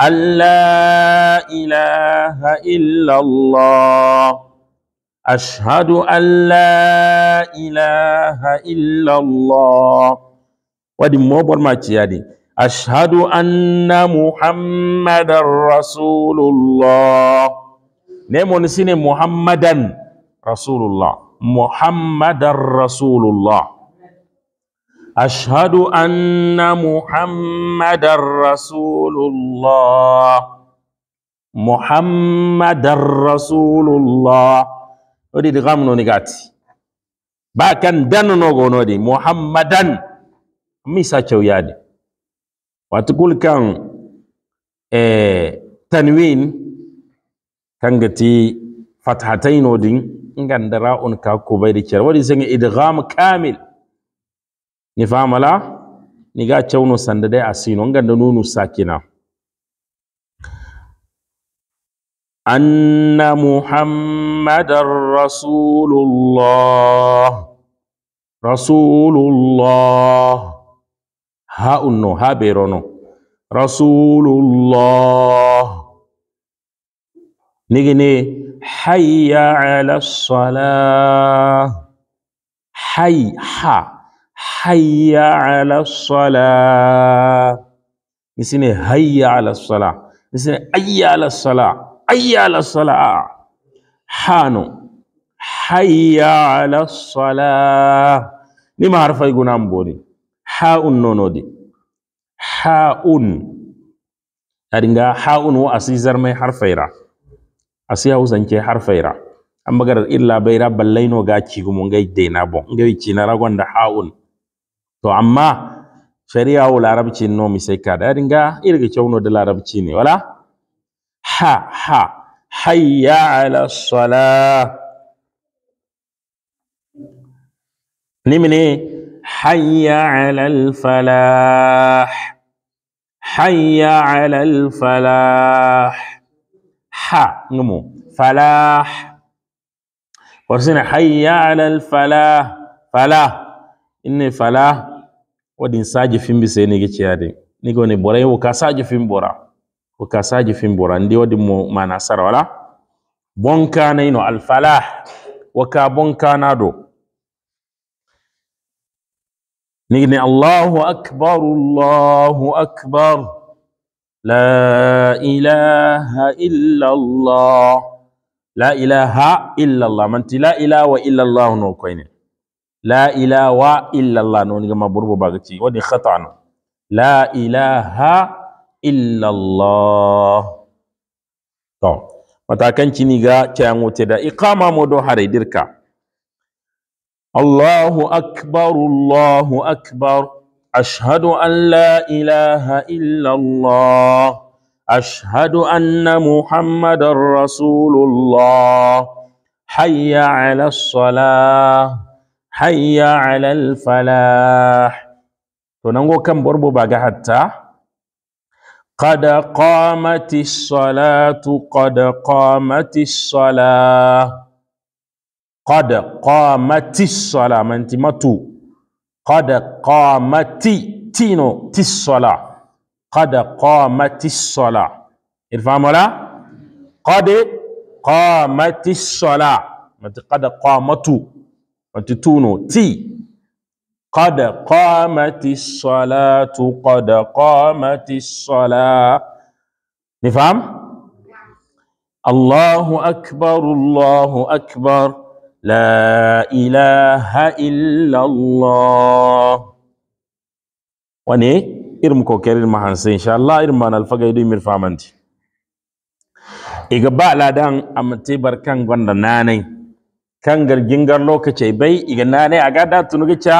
أن لا إله إلا الله أشهد أن لا إله إلا الله ودي موبر برماتي يعني أشهد أن محمد رسول الله نمون سين محمدا رسول الله محمد رسول الله أشهد أن محمد رسول الله محمد رسول الله ودي دغام نونيغاتي باكن دانو نوغو نودي محمدا ميسا تشويادي watakul kan eh, tanwin kan gati fathatain odin ingan da un ka ko bayri kyar wadi sun idgham kamil ni famala ni ga chawno sanda dai asino ngan da nunu sakina anna muhammadar rasulullah rasulullah ها انو ها بيرونو رسول الله نيجي حي على الصلاه حي ح حي على الصلاه نسيني هيا على الصلاه نسيني اي على الصلاه اي على الصلاه حانو حي على الصلاه لما عرف يقول امبوري ha'un nonodi ha'un adinga ha'un wa asi mai harfaira asi hausanke harfaira an magarar illa bai rabar laino ga ga ngai dena bon ngai ragon da ha'un to amma shari'a wa larabci no mi sai da adinga irga cewno da larabci ne wala ha ha hayya ala salah nimini حي على الفلاح حي على الفلاح ح نمو فلاح ورسنا حي على الفلاح فلاح إن فلاح ودين ساج فين بسيني كتيادي نيجو نبوري وكاساجي فين بورا وكاساج فين بورا ندي ودي مو ما نصر ولا بون كان ينو الفلاح وكا كان نادو nígi ni Allahu akbar Allahu akbar la ilaha illallah la ilaha illallah la illallah la illallah la ilaha illallah matakan cini wuce da iqama mo do الله أكبر الله أكبر أشهد أن لا إله إلا الله أشهد أن محمد رسول الله حي على الصلاة حي على الفلاح تنغو كم بربو بقى حتى قد قامت الصلاة قد قامت الصلاة قد قامت الصلاة من تمتو قد قامت تينو تي الصلاة قد قامت الصلاة الفهم ولا قد قامت الصلاة منتي قد قامتو منتي تونو تي قد قامت الصلاة قد قامت الصلاة نفهم الله أكبر الله أكبر la ilaha illallah wane irin kokarin mahansa insha Allah irin man alfaga idin mirfamanti iga ba ladan amte barkan gwanda nanai kan gargingar lokaci bai iga nanai aga da tunuga cha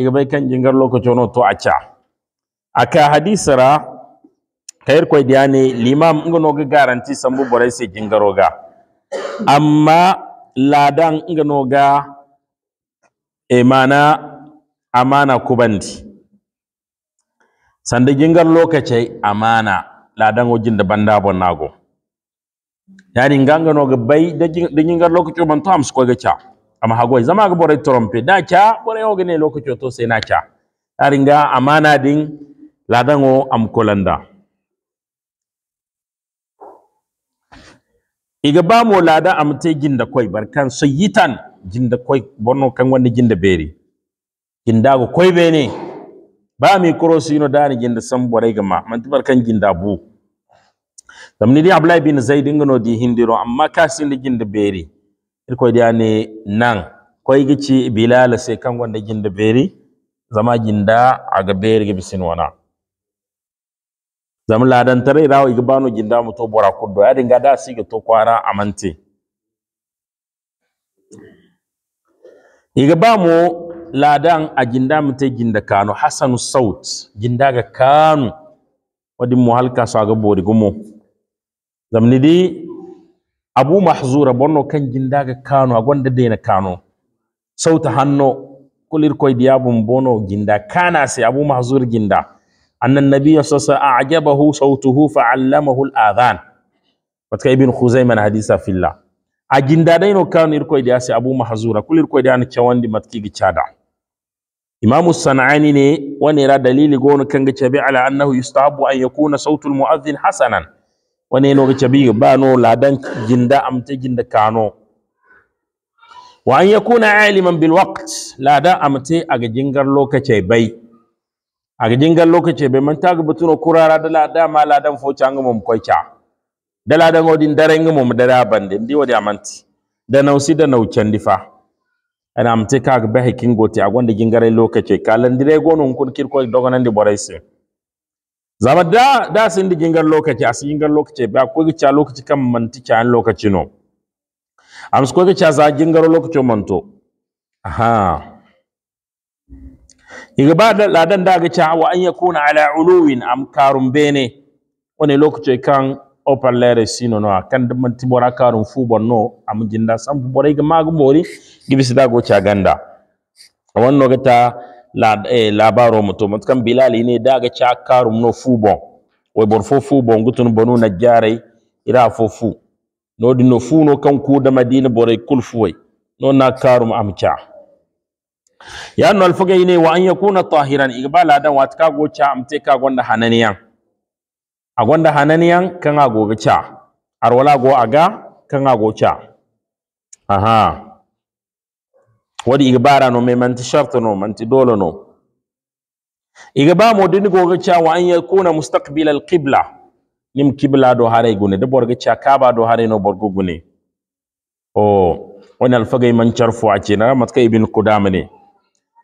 iga bai kan jingar lokaci no to acha aka hadisara kayir koy diane limam ngono ga garanti sambu borai se jingaro ga amma ladan no ga emana amana kubandi sanda gingar lokace amana ladan wajin da banda bonnago yani no ga bai da gingar lokace man tams ko ga cha amma hagoi zama ga bore trompe da cha bore yo ne lokace to sai na cha nga amana din ladan o am kolanda iga ba mo lada amte ginda koy barkan yitan ginda koy bonno kan wani ginda beri ginda go koy bene ba mi krosi no dani ginda sam borai gama man barkan ginda bu tamni di abdullahi bin zaid ngano di hindiro amma kasin di ginda beri ir koy diane nan koy ci bilal se kan wani ginda beri zama ginda aga beri gibisin wana zam ladantare tare iga igbano ginda mu to bora kuddo ya dinga da sigi to kwara amante iga bamu ladan a jinda mu te ginda kano hasanu saut ginda ga kano wadi mu halka sa ga bori gumo zamni di abu mahzura bonno kan ginda ga kano a gonda de na kano sauta hanno kulir koy diabum bono ginda kana se abu mahzur ginda annan nabiyyu a a'jabahu sautuhu fa'allamahu al-adhan watka ibn khuzaimah hadisa fillah a gindaɗayno kano irkoyde asi abou mahzura kul irkoyde ana cawandi matkigi Imam imamu sanani ne wanera dalili kan kanga cabe ala annahu yustahabu an yakuna sautu lmuadhin hasanan wanenoga cabi bano ladan ginda amte ginda kano wa an yakuna aliman Ladan lada amte aga jingar lokacay bai. aga jingal lokaci bai man taga batuno kurara dala ma ladan foca ngam koy ca dala da ngodi gama madara a bande ndi wadi amanti da nausi da naucen difa ana amte kaga be hikin goti gwanda jingare lokaci. kalan dire gonon kun kirko dogonan borai boraisi zama da da sun di gingar lokaci a gingar lokaci ba ko gica lokaci kan manti can lokaci no am ko gica za gingar lokaci manto aha iga ba da ladan da gacha wa an kuna ala uluwin am karun bene wani lokaci kan opal lere sino no kan da man tibora karun fu bonno am jinda sam bore ga magu bori sida da cha ganda wannan gata eh, labaro mutum kan bilali ne da gacha karun no fu bon wai bor fo fu bon gutun bonu na jarai ira fo fu no dino fu no kan ku da madina bore kulfuwai no na am cha ya no alfuga ine wa an yakuna tahiran igbala dan wat ka gocha amte ka gonda hananiyan a gonda hananiyan kan a goga cha ar wala go aga kan a gocha aha wadi igbara no me manti shartu no manti dolo no igba mo din goga cha wa an yakuna mustaqbil al qibla nim kibla do hare gune de borga cha kaba do hare no borgo gune o oh, wani alfaga man charfu a ce na matka ibn kudama ne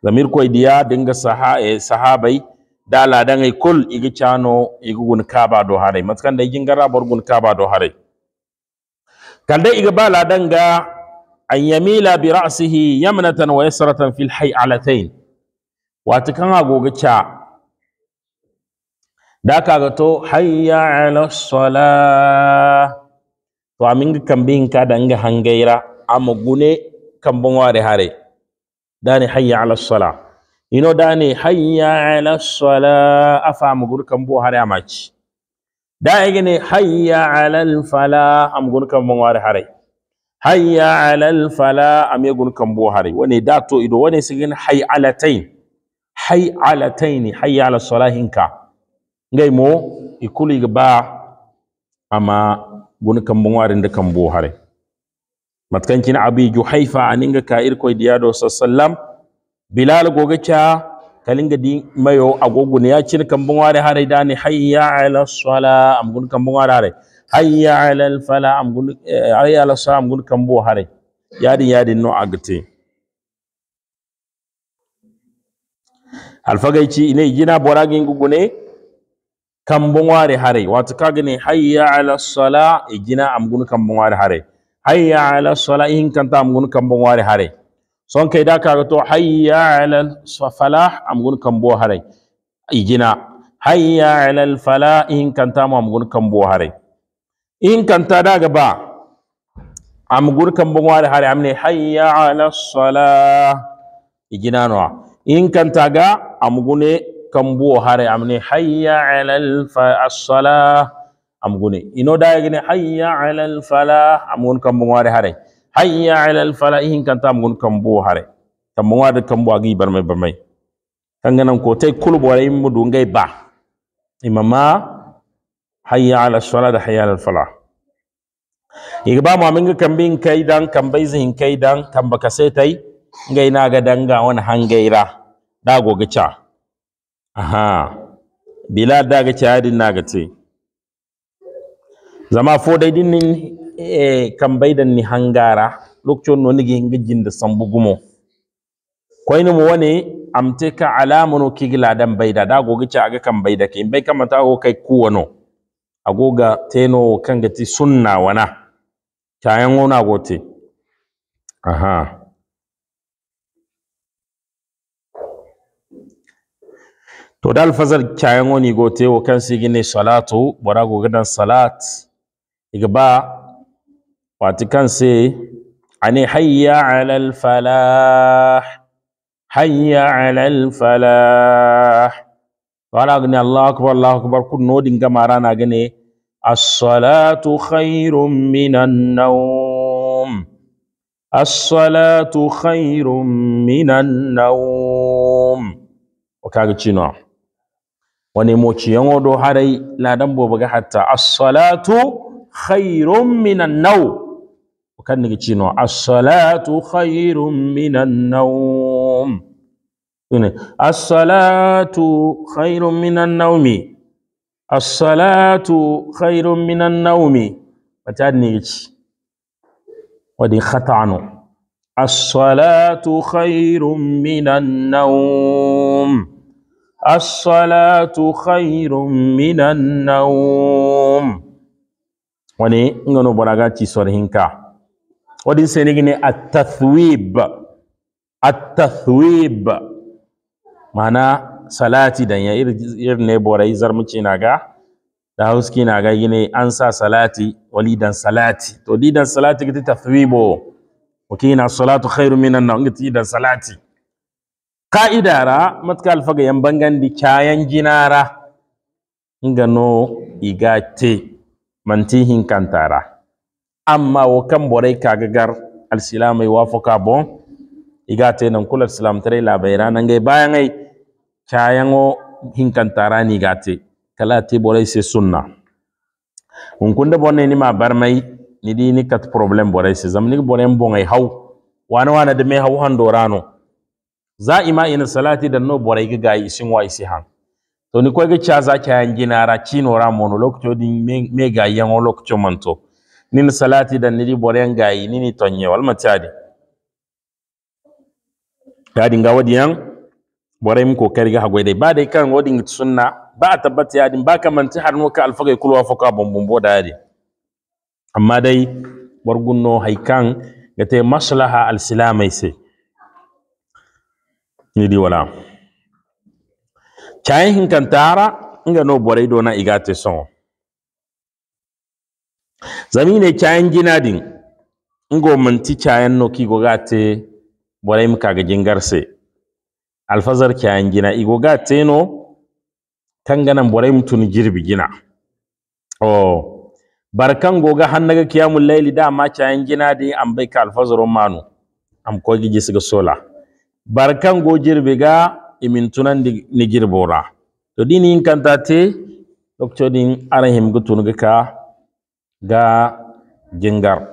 zamir ko idiya dinga saha eh, sahabai dan ai kul igi chano igi gun kaba do hare matkan da igin gara bor gun kaba do hare da igi dan ga an yamila bi ra'sihi yamnatan wa yasratan fil alatain, wata kan agoga cha da kaga to hayya ala sala to amin kan bin ka ga hangaira amma gune kambon ware hare dani hayya ala sala ino dani hayya ala sala afamu gurkan bo hare amaci da igine hayya ala al fala am gurkan bon ware hare hayya ala al fala am gurkan bo hare wani da to ido wani sigin hay alatain hay alatain hayya ala sala hinka ngai mo ikuli ba ama gurkan bon ware da kan bo hare matkan kin abi juhaifa aninga ka irko diyado sallam bilal goga cha kalinga di mayo Agogun! ne ya cin kambun ware hare dani hayya ala sala amgun kambun ware hare hayya ala al fala amgun eh, hayya ala sala amgun kambu hare yadi yadi no agate alfagaici ne gina boragin gugune kambun ware hare wato kaga ne hayya ala sala igina e amgun kambun ware hare hayya ala sala in kanta am gun kambo ware hare son kai da kaga to hayya ala falah am gun kambo hare igina hayya ala fala in kan ta am kan kambo hare in kan kanta daga ba am gun kambo ware hare amne hayya ala sola. Ijina no in kan kanta ga am kan kambo hare amne hayya ala as-salah amgune ino gine hayya ala fala amgun kambu ngare hare hayya ala fala ihin kanta amgun kambu hare tambu ngware kambu agi barmai barmai kanganam ko tay kulub wala imu ngay ba imama hayya ala salat hayya ala alfalah igba mu aminga kambin kai dan kambai zihin kai dan kamba sai tai ngai na ga danga wani hangaira da gogica aha bila da ga cayadin na ga ce zama fo dai din ni e kambaydan ni hangara lokcon no nigi ngijinde gumo. koyno mo woni amte ka alamuno kigila dan bayda da gogi ci aga kam bayda ke bai ta go kai kuwano agoga teno kanga ti sunna wana tayan wona gote aha to dal fazal tayan woni gote wo kan sigine salatu bora gogi dan salat igba watikan se ani hayya alal falah hayya alal falah wala gani allah akbar allah akbar kun no dinga marana gane as-salatu khairum minan nawm as-salatu khairum minan nawm o kaga cino wani moci yango do harai ladan bobaga hatta as-salatu خير من النوم وكان نجتشينو الصلاة خير من النوم الصلاة خير من النوم الصلاة خير من النوم وكان ودي خطعنو الصلاة خير من النوم الصلاة خير من النوم wani ngano boraga ci sor hinka wadin senigine at-tathwib at-tathwib mana salati dan ya ne borai zarmuci naga da hauski naga gine an sa salati wali dan salati to di dan salati giti tathwibo na salatu khairu minan na ngiti dan salati ka'idara matka alfaga yan bangandi di kayan jinara ngano igate manti hinkantara amma wo kan borai kagagar gar alsilama yi wafuka bon te nan kula alsilam tare labaira nan gai bayan ai cayan wo hinkantara ni gate kala te borai se sunna hun kunda bonne ni ma mai ni di ni kat problem borai se zam ni borai bon ai hau wani wani de mai hau han dorano za ima ina salati da no borai ga gai isin wa isi han to ni koyga chaza kayan ra chino ramono lokto din mega yango lokto manto Ni ni salati dan ga yi ni ni tonye wal matadi di nga wadi bore borai ko kari ga hagwai dai ba dai kan ngit sunna ba a ya di ba ka manti har nuka alfaga wa foka bombon da yadi amma dai wargunno haikan ga ta maslaha al-silamai se ni di wala cayin hinkantara nga no borai dona igate son zamine cayin ginadin ngo manti cayin no kigo gate borai muka ga jingarse alfazar cayin gina igo gate no kanganan borai mutun jirbi gina oh barkan goga hannaga kiyamul laili dama cayin ginadin an bai ka alfazaron manu am ko gije siga sola barkan go jirbi ga imintunan ni bora to dini in kanta te lokacin din arahim gutun ga ga jingar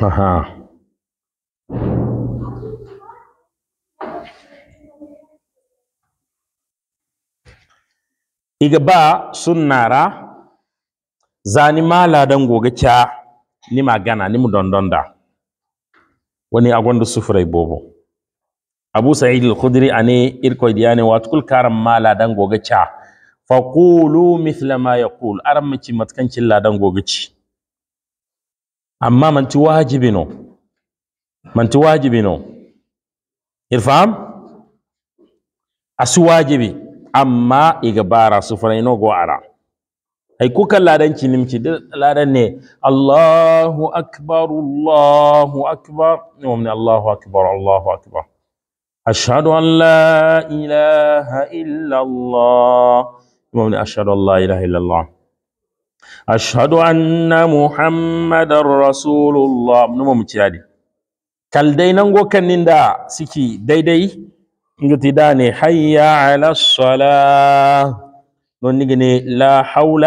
aha iga ba sunnara zani mala dan goga cha ni magana ni mu dondonda wani agwanda sufurai bobo abu sa'id al-khudri ane irko diyane watkul karam mala dan goga cha qulu mithla ma yaqul aram mici la dan goga ci amma manti wajibi no manti wajibi no irfam asu wajibi amma igbara sufraino go ara ai kukan ladanci nimci ladan ne Allahu akbar Allahu akbar ne Allahu akbar Allahu akbar أشهد أن لا إله إلا الله أشهد أن لا إله إلا الله أشهد أن محمد رسول الله نمو متيادي كالدي ننغو كنندا سكي دي دي نجتداني حيا على الصلاة ننجني لا حول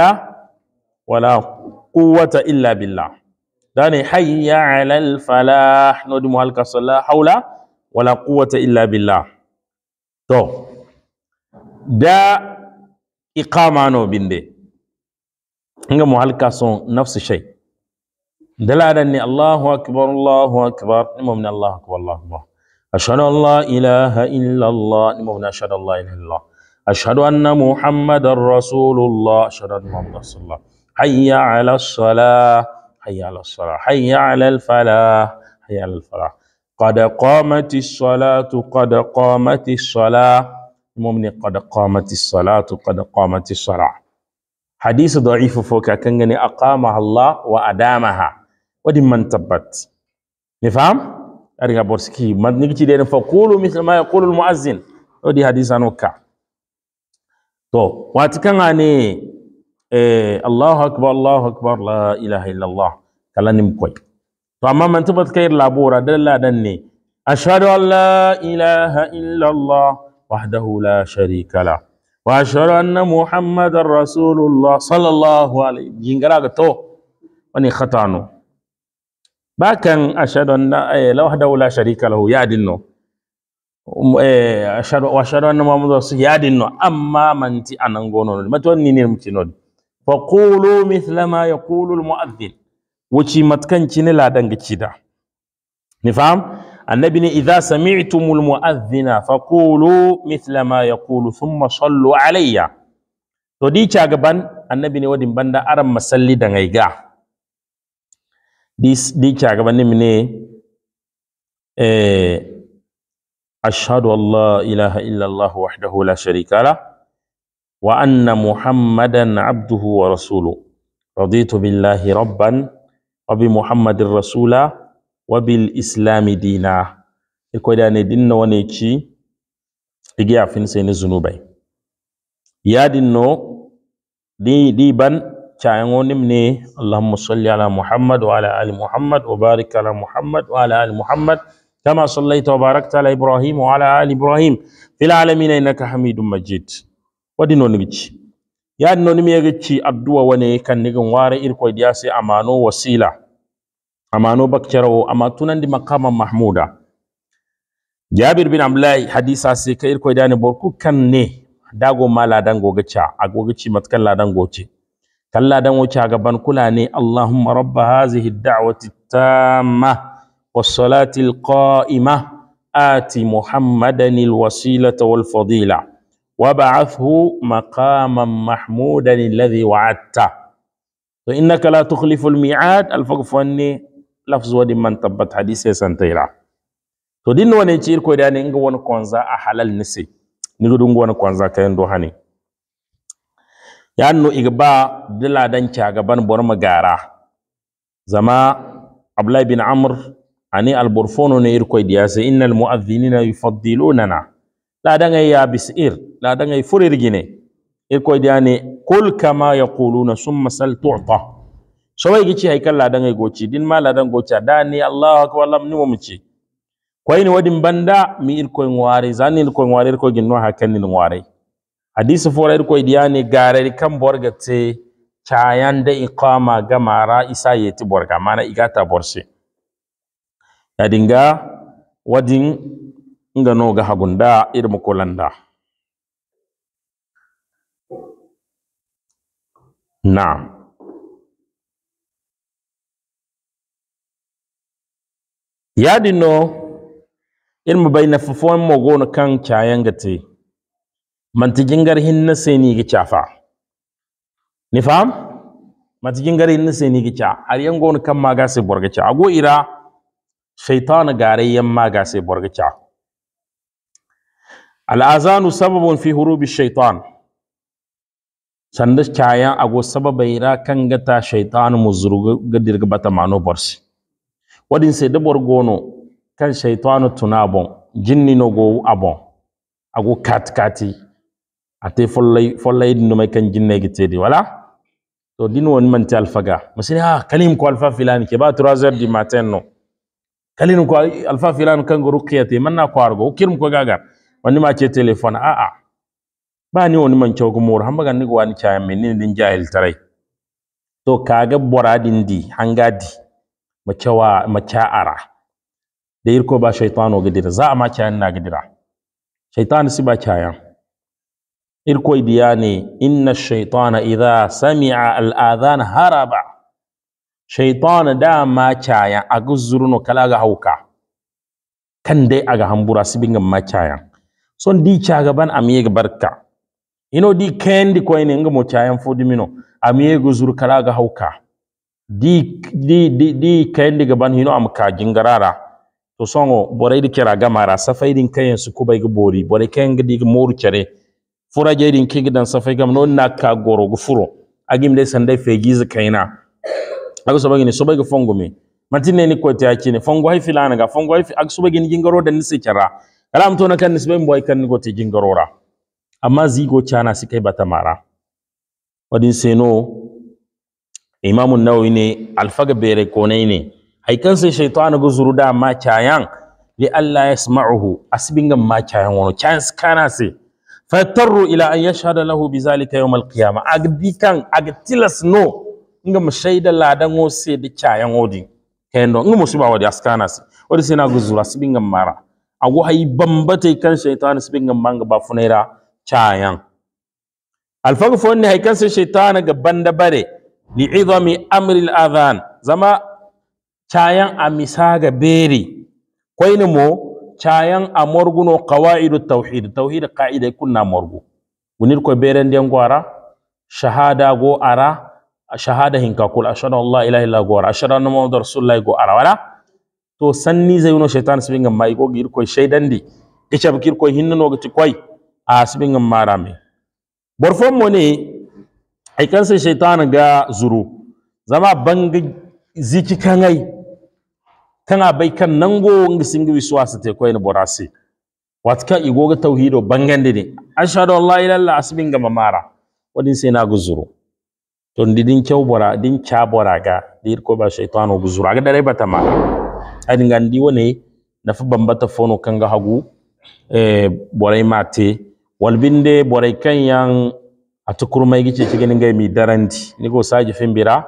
ولا قوة إلا بالله داني حيا على الفلاح ندمو هلك الصلاة حول wala quwwata illa billah to da iqama no binde nga mo halka son nafsu shay dalalan ni allahu akbar allahu akbar nimo min allahu akbar allahu akbar ashhadu an la ilaha illa allah nimo min ashhadu an la ilaha illa allah ashhadu anna muhammadar rasulullah ashhadu anna muhammadar rasulullah hayya ala as-salah hayya ala as-salah hayya ala al-falah hayya ala al-falah قد قامت الصلاة قد قامت الصلاة mom ne qad qamati salatu qad qamati sala hadisi da'ifu fo ka kan gani aqamaha Allah wa adamaha wadin man tabbat ni fam ari ga borski man ni ci den fa qulu mithla ma yaqulu al muazzin odi hadisa nokka to wati kan ani eh Allahu akbar Allahu akbar la ilaha illallah kalanim koy to amma mantubat kayir labora dalla dan ne ashhadu an la ilaha illa Allah wahdahu la sharika la wa ashhadu anna muhammadar rasulullah sallallahu alaihi jingara ga to wani khatano bakan ashhadu anna eh, la wahdahu la sharika lahu ya dinno um, eh, wa ashhadu anna muhammadar rasul ya dinno amma manti anan gono mati wani ne mutino فقولوا مثل ما يقول المؤذن wuci matkan kini ladan ga kida ni faham annabi ne idza sami'tumul mu'adhdhina faqulu mithla ma yaqulu thumma sallu alayya to di cha gaban annabi ne wadin banda aran masalli da ngaiga di di cha gaban ne mine eh ashhadu an la ilaha illa allah wahdahu la sharika anna وأن Abduhu, wa Rasuluhu, رضيت بالله rabban. wabi muhammadin rasula wabi islami dina ikwai da ne dinna wani ci igi a fin sai ni zunubai ya dinno diban cayan wani ne allahumma salli ala muhammad wa ala ali muhammad wa barik ala muhammad wa ala ali muhammad kama sallaita wa barakta ala ibrahim wa ala ali ibrahim fil alamin innaka hamidum majid wadi no nimci ya no nimi yagi ci addu'a wani kan nigin ware irko diya sai amano wasila amano bakcarawo amma tunandi maqama mahmuda jabir bin abdullahi hadisa sai ka irko dani borku kan ne dago ma ladan goga ca a goga ci matkan ladan goce kan ladan goce a gaban kula ne allahumma rabba hazihi da'wati tamma was-salati al-qa'ima ati muhammadan al-wasilata wal-fadila وابعثه مقاما محمودا To وعدته فإنك لا تخلف الميعاد الفقف أني lafzu wadin man tabbat hadise santaira to din wani ci irko da ne inga wani konza a halal nise ni inga wani konza kayan dohani ne. yanno igba dila dan ca gaban Barma gara zama abdullahi bin amr ani alburfono ne irko diya sai innal mu'adhdhinina yufaddilunana la dan ya bisir la dan ay furir gine irko diya ne kul kama yaquluna summa sal tu'ta sowai gici haikal ladan ai goci din ma ladan goca dani allahu akbar lam ni mumci koyni wadin banda mi ir koy ngware zanil koy ngware ko ginno hakanni ngware hadisi fora ir koy garar kan borga te cayan da iqama mara, isa yeti borga mana igata borse yadinga wadin nga no ga hagunda ir landa. na'am yadi no irma bayna fofon mo gono kan cayan cayanga te manti na hinna seni gi cafa ni fam manti jingar hinna seni gi ca ar yan gono kan maga se borga ca ago ira shaytan gare yan maga se borga ca al azanu sababun fi hurubi shaytan sanda cayan ago sababaira kan gata shaytan muzruga dirga bata mano borsi wadin sai dabar gono kan shaitanu tuna bon jinni no go abon ago kat kati ate follay follay dinu mai kan jinne gitedi wala to din won man ta alfaga musini ha ah, kalim ko alfa filan ke ba trazer di matin no kalim ko alfa filan kan go man na ko argo kirim ko gaga wani ma ce telefon a a ba ni wani man cewa gumor han baga ni go wani chayan men ni din jahil tarai to kaga boradin di hangadi makewa makya'ara da irko ba shaitano gidira za a makyayan na gidira shaitano si ba kyayan irko idiya ne inna shaitana idha sami'a al'adhan haraba shaitana da makyayan a guzurno kala ga hauka kan dai aga hambura si bingan makyayan son di cagaban amiye ga barka ino di kendi koyne nga mo kyayan fodimino amiye guzur kala ga hauka di di di di kayandi gaban hino am ka jingarara to songo boray di kera gamara safai din kayan su kubai ga bori kayan kayen di moru cere fura jai din kiga dan safai gam non na ka goro go furo agim de sande fe giza kayna ago sobagi ni sobagi fongo mi ne ni kote ne fongo hay filana ga fongo hay ag sobagi ni jingaro dan ni sekara kalam to na kan nisbe mboy kan ni gote jingarora amma zigo chana sikai batamara wadin seno Imamun nawawi ne alfaga bere konai ne haikan sai shaytanu go zuru da ma cayan li alla yasma'uhu asbinga ma cayan wono su kana se fatarru ila an yashhada lahu bizalika yawm alqiyama agdikan agtilas no mu shaida ladan o sai da cayan odi kendo ngam musiba wadi askana se wadi na go zuru asbinga mara ago hay bambate kan shaytanu sbinga manga ba funaira cayan alfaga fonni haikan sai shaytanu ga banda bare li'izami amril adhan zama cayan a misaga beri koyni mo cayan a morguno qawaidu tawhid tawhid qaida kunna morgu gunir ko beren den gwara shahada go ara shahada hinka kul ashhadu an la ilaha illa go ara ashhadu anna muhammadar rasulullah go ara wala to sanni zayuno shaitan sibinga mai go gir ko shaydandi icab kir ko hinno go ti koy a sibinga marame borfom mo ne aikansa shaitan ga zuru zama banga ziki kangai kana bai kan nango ngi singi wiswa sa te koyne borasi watka igoga tauhido bangande ne ashhadu an la ilaha asibin ga mamara wadin sai na guzuru to din kyau bora din cha bora ga dir ko ba shaitanu guzuru ga dare bata ma adin ga ndi wone na fa bambata fono kanga hagu eh borai mate walbinde borai kan yang ati kurmaygi ceci cikin ngay mi daranti ni go saji bira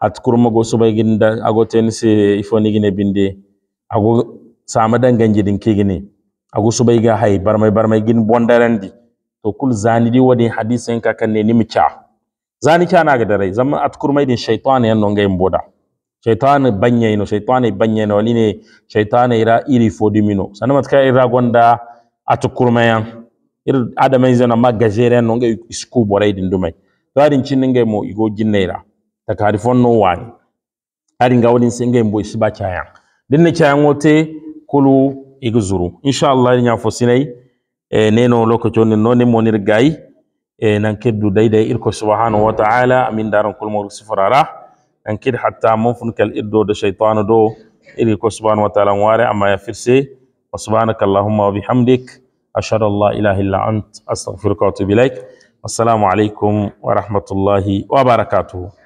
ati kurma go bai gin da ago ten se ni gine binde ago sama dangan din ke gini ago bai ga hay mai gin bon bondarandi to kul zani di wadi hadisin ka ne ni cha zani cha ga darai zama ati kurmay din shaytan yan no ngay mboda shaytan banye no shaytan banye no ne shaytan ira iri fodimino sanama ka ira gonda ati kurmayan ir adamai zana ma gajeren no ngai isku borai din dumai To garin cin ngai mo igo ginnaira ta karifon no wani harin ga wani sai ngai mbo isiba chaya din ne chaya ngote kulu igo zuru insha Allah nya fosinai e neno lokaci ne no ne monir gai e nan keddu irko subhanahu wa ta'ala amin daran kulmo sifarara nan kid hatta mun kal iddo da shaytanu do irko subhanahu wa ta'ala ware amma ya firse wa Allahumma wa bihamdik. أشهد أن لا إله إلا أنت أستغفرك وأتوب إليك السلام عليكم ورحمة الله وبركاته